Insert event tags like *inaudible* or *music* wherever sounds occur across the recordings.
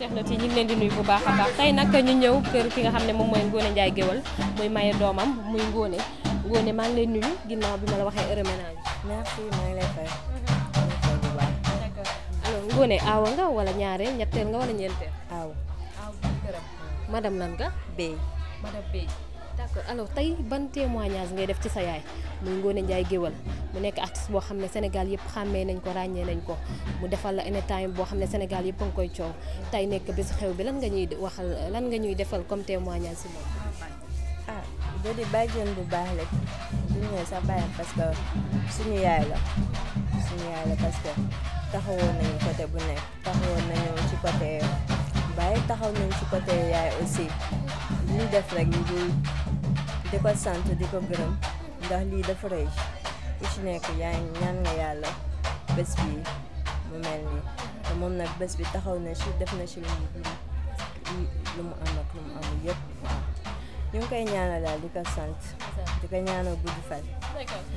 internautes yi ñu ngi leen di nuyu bu baax a baax tey nag ñu ñëw kër ki nga xam ne moom mooy Ngoné Ndiaye Géwël muy maye doomam muy Ngoné Ngoné maa ngi lay nuyu ginnaaw bi ma la waxee heure ménage. merci maa ngi aawa nga wala ñaareel ñetteel nga wala ñeenteel. aaw aaw madame nga. Bey. d'accord alors tey ban témoignage ngay def ci sa yaay muy Ngoné Ndiaye Géwal mu nekk artiste boo xam ne Sénégal yëpp xàmmee nañ ko ràññee nañ ko mu defal la anytime boo xam ne Sénégal yëpp a koy coow tey nekk bis xew bi lan nga ñuy waxal lan nga ñuy defal comme témoignage si moom. ah jërëjëf bàjjen bu baax rek ñu ñëw sax bàyyam parce que suñu yaay la suñu yaay la parce taxawoon nañu côté bu nekk taxawoon nañu ci côté bàyyi taxaw nañu ci côté yaay aussi lu def rek ñu di ko sant di ko gërëm ndax lii dafa rëy ku ci nekk yaa ñaan nga yàlla bés bi mu mel nii te moom nag bés bi taxaw na ci def na ci lu mu am ak lu mu amul yëpp waaw ñu ngi koy ñaanal daal di ko sant di ko ñaanal gudd fan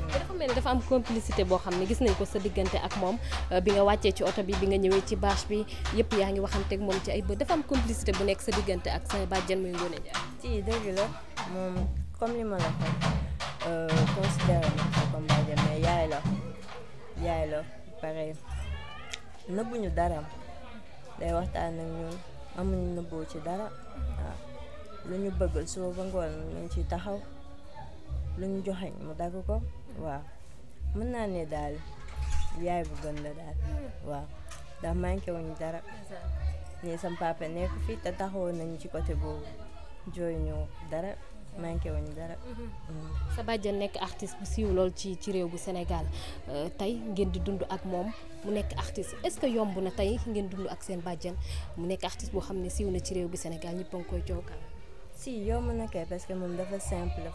dafa mel ni dafa am complicité boo xam ne gis nañ ko sa diggante ak moom euh, bi nga wàccee ci oto bi bi nga ñëwee ci bâche bi yëpp yaa ngi waxam teg moom ci ay bët dafa am complicité bu nekk sa diggante ak sa bàjjan muy Ngoné Ndiaye ci dëgg la comme li ma la waxee euh, considéré ma yaay la yaay la pare nëbbuñu daram day waxtaan ak ñun amuñu nëbboo ci dara waaw lu ñu bëgg suba ba ngoon mu ngi ciy taxaw lu ñu joxeñ mu dagg ko waaw mën naa ne daal yaay bu gën la daal waaw ndax manqué dara nii sam papa fii te taxawoon nañu ci côté boobu jooy ñu dara manqué wuñu dara. sa bàjjen nekk artiste bu siiw lool ci ci réew bu Sénégal euh, tey ngeen di dund ak moom mu nekk artiste est-ce que yomb na tey ngeen dund ak seen bàjjen mu nekk artiste boo xam ne siiw na ci réew bu Sénégal ñëpp a ngi koy jooka. si yomb na kay ci artiste bi dund ko simple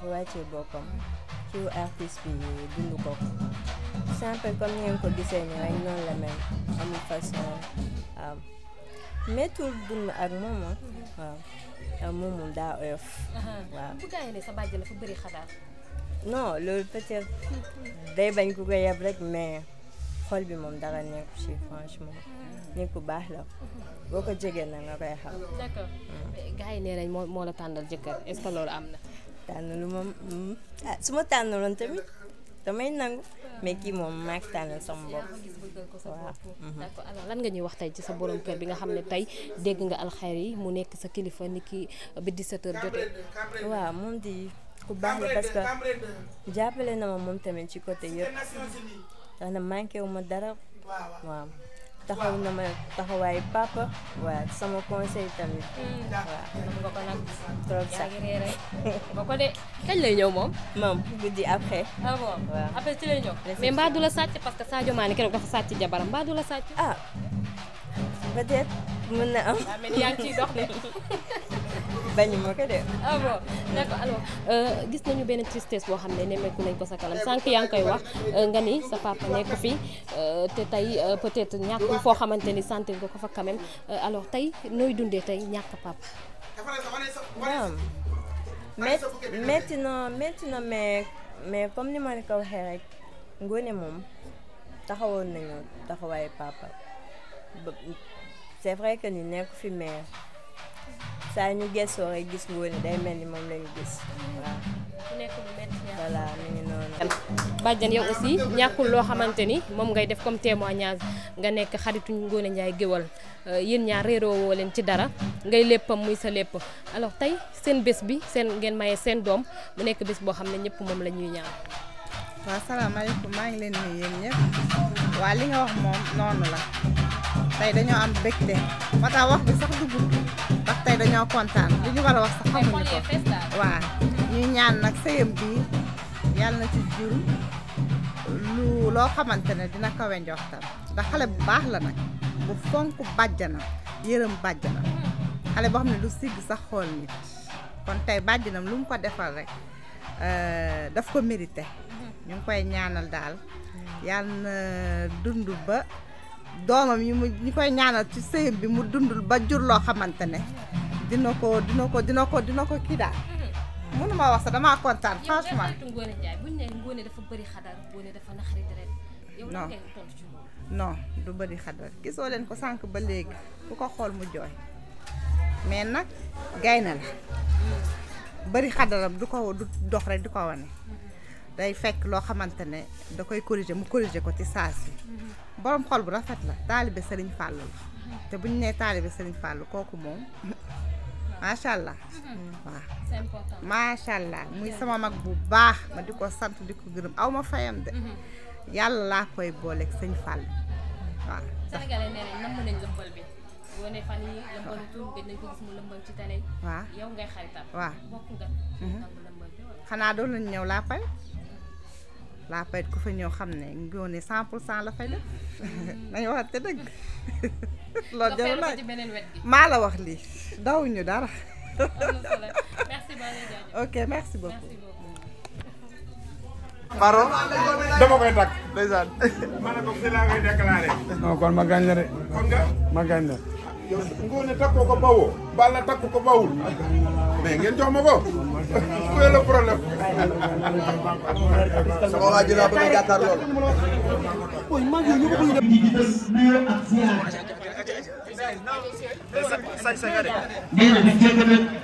comme ni ngeen ko gisee nii rek noonu la mel amul façon waaw. méttul dund ak moom ah. waaw ak ah, moom moom daa oyof. Uh-huh. waaw sa bàjjen dafa bëri xadaar. non loolu peut day bañ ku ko yeb rek mais xol bi moom dara nekk ci franchement. Uh-huh. nit ku baax la uh-huh. boo ko jegee na nga koy xam. d'accord mm. eh, gaa yi nee nañ moo moo tànnal jëkkër am na. tànnalu moom mm. ah, su ma tànnaloon tamit damay nangu mais kii moom maag tànnal sama bopp. dëggal ko sa bopp mhm. d'accord lan nga ñuy wax tey ci sa borom kër bi nga xam ne tey dégg nga alxayr yi mu nekk sa kilifa ni ki bi 17 heures jotee waaw moom di ku baax la parce que jàppale na ma moom tamit ci côté yëpp ndax na manqué wu ma dara waaw taxaw na ma taxawaay papa waaw sama conseil tamit waaw nga ko nag trop sax ba ko de kañ lay moom moom guddi après ah bon waaw après ci lay ñëw mais mbaa du la sàcc parce que Sadio Mané keroog dafa sàcc jabaram mbaa du la sàcc ah peut-être am bañu ma ko de. ah bon d'accord euh, gis nañu benn tristesse boo xam ne nemmeeku nañ ko sa kanam sànq yaa ngi koy wax euh, nga ni sa papa nekk fi euh, te tey peut-être ñàkkul foo xamante ni santé nga ko fa quand même alors tey nooy dundee tey ñàkk papa. waaw mét métti na métti na mais mais comme ni ma la ko waxee rek Ngoné moom taxawoon nañu taxawaayu papa c'est vrai que ni nekk fi mais. saa ñu gëstoo rek gis ngóone day mel ni moom lañu gis waaw. ku nekk lu métti voilà mi bàjjan yow aussi ñàkkul loo xamante ni moom ngay def comme témoignage nga nekk xaritu Ngóone Njaay géwal yéen ñaar réeroo woo leen ci dara ngay léppam muy sa lépp alors tey seen bés bi seen ngeen maye seen doom mu nekk bés boo xam ne ñëpp moom lañuy ñuy ñaan. waaw salaamaaleykum maa ngi leen nuyu yéen ñëpp waa li nga wax moom noonu la. tey dañoo am bégte moo tax wax bi sax dugg ndax tey dañoo kontaan li ñu war a wax sax xamuñu ko waaw ñuy ñaan nag sëyam bi yàlla na ci jur lu loo xamante ne dina kawe njoxtam ndax xale bu baax la nag bu fonk bàjjanam yërëm bàjjanam xale boo xam ne lu sigg sax xool nit kon tey bàjjanam lu mu ko defal rek euh, daf ko mérité mhm. ñu ngi koy ñaanal daal mhm. yàlla dund ba doomam yi mu ñi koy ñaanal ci sëyam bi mu dundul ba jur loo xamante ne dina ko dina ko dina ko dina ko kii daal mm-hmm. mënu ma wax sax damaa kontaan franchement. Ngoné Ndiaye buñ ne Ngoné dafa bëri xadar Ngoné dafa naxari deret yow lan ngay tontu ci moom non du bëri xadar gisoo leen ko sànq ba léegi ku ko xool mu jooy mais nag gaynde la mm. bëri xadaram du ko du dox rek du ko wane mm-hmm. day fekk loo xamante ne da koy corriger mu corriger ko ci saa si borom xol bu rafet la taalibe Serigne Fallou la te buñ ñu nee taalibe Serigne Fallou kooku moom *laughs* macha allah. muy sama mag bu baax ma di ko sant di ko gërëm aw ma fayam de. Mhm. yàlla laa koy booleeg sëñ Fall waaw. Sénégalais nee nañ mhm. xanaa doon lañ ñëw laa fay. la payit ku fa ñëw xam ne ngóone cent pour cent la fay def mm. nañu *laughs* maa la wax lii daw ñu dara ok merci beaucoup Baro dama koy takk ndeysaan *laughs* ma kon ma gàñ la de kon nga ma gàñ la yow ngóone ko bawoo balla takku ko bawul mais ngeen jox ma ko où est le problème. sama waa ji laa bëgg a jàkkaar lool. nee na di jéggi nag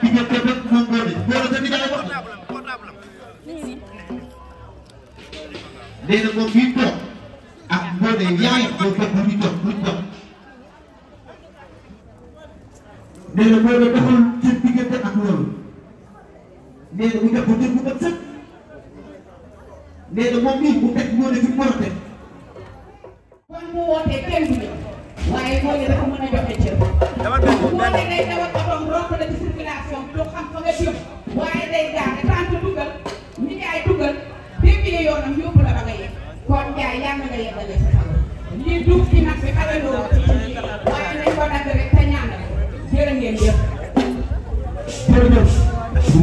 di jéggi nag moom moo di góor a tamit daay wax. nee na moom mi ngi toog ak moo de yaay moo toog bu ñu toog bu ñu toog nee na moo de doxul. nee na mu def ba jot bu mat sëkk nee na moom mii mu teg moo ne fi mu war a teg. kon mu wootee kenn du ñëw joxe cër. dama dégg moom benn boo day dawal otoom romb na ci circulation bi doo yoonam yóbbu la ba nga yegg kon yaa nga nga yeggale sa xaw lii dugg ci nag bi xale loo ci ci waaye nañ ko dagg rek te ñaan rek jërë ngeen yëpp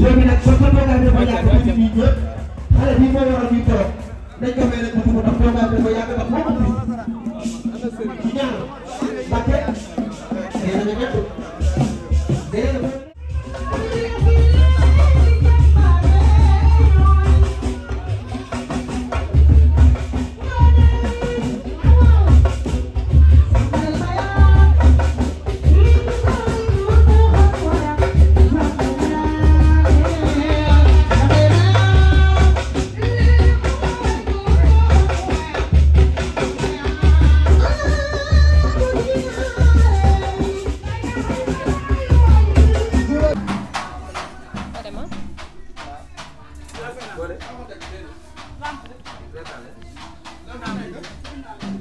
léegi nag soo ko toogaan dafa yàgg ba nit ñi ñëpp xale bi moo waral ñuy toog dañ ko may nag bu dugg ndax toogaan dafa yàgg ba moo ubbi ci ñaar Mbacke dee na nga ñett dee na reetaale reetaale